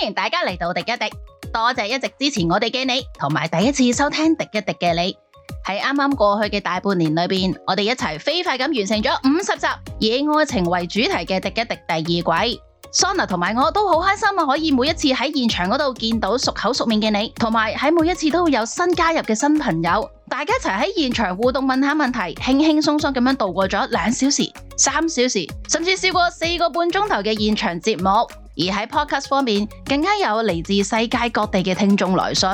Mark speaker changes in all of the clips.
Speaker 1: 歡迎大家嚟到《迪一迪》，多謝一直支持我哋嘅你，同埋第一次收聽《迪一迪》嘅你。喺啱啱過去嘅大半年裏邊，我哋一齊飛快咁完成咗五十集以愛情為主題嘅《迪一迪》第二季。Sona 同埋我都好開心啊，可以每一次喺現場嗰度見到熟口熟面嘅你，同埋喺每一次都會有新加入嘅新朋友，大家一齊喺現場互動問下問、問題，輕輕鬆鬆咁樣度過咗兩小時、三小時，甚至試過四個半鐘頭嘅現場節目。而喺 podcast 方面，更加有嚟自世界各地嘅聽眾來信，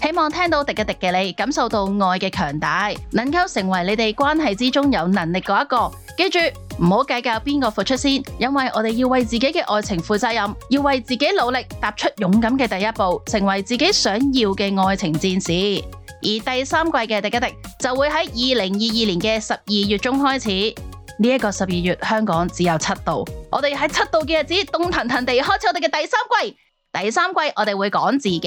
Speaker 1: 希望聽到《廸一廸》嘅你，感受到愛嘅強大，能夠成為你哋關係之中有能力嗰一個。記住唔好計較邊個付出先，因為我哋要為自己嘅愛情負責任，要為自己努力踏出勇敢嘅第一步，成為自己想要嘅愛情戰士。而第三季嘅《廸一廸》就會喺二零二二年嘅十二月中開始。呢一個十二月，香港只有七度。我哋喺七度嘅日子，凍騰騰地開始我哋嘅第三季。第三季我哋會講自己，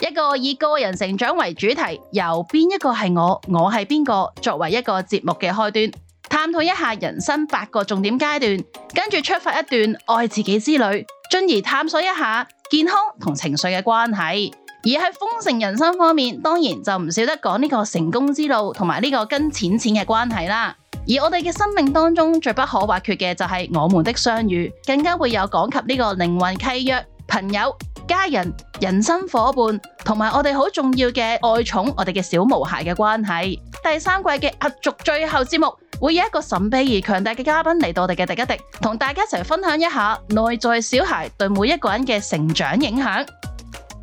Speaker 1: 一個以個人成長為主題，由邊一個係我，我係邊個，作為一個節目嘅開端，探討一下人生八個重點階段，跟住出發一段愛自己之旅，進而探索一下健康同情緒嘅關係。而喺豐盛人生方面，當然就唔少得講呢個成功之路同埋呢個跟錢錢嘅關係啦。而我哋嘅生命當中最不可或缺嘅就係我們的相遇，更加會有講及呢個靈魂契約、朋友、家人、人生夥伴，同埋我哋好重要嘅愛寵，我哋嘅小毛孩嘅關係。第三季嘅壓軸最後節目，會有一個神秘而強大嘅嘉賓嚟到我哋嘅迪一迪，同大家一齊分享一下內在小孩對每一個人嘅成長影響。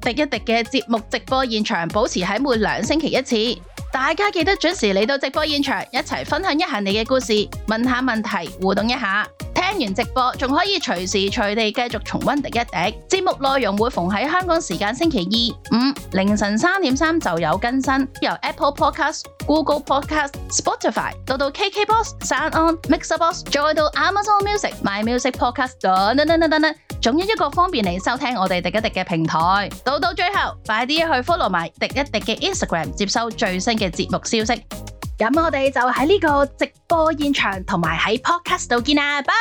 Speaker 1: 迪一迪嘅節目直播現場保持喺每兩星期一次。大家記得準時嚟到直播現場，一齊分享一下你嘅故事，問下問題，互動一下。聽完直播，仲可以隨時隨地繼續重温《廸一廸》節目內容，會逢喺香港時間星期二、五凌晨三點三就有更新。由 Apple Podcast、Google Podcast、Spotify 到到 KKBox、SoundOn、MixerBox，再到 Amazon Music、My Music Podcast 等等等等等，總有一個方便你收聽我哋《廸一廸》嘅平台。到到最後，快啲去 follow 埋《廸一廸》嘅 Instagram，接收最新嘅節目消息。咁我哋就喺呢個直播現場同埋喺 Podcast 度見啦，拜。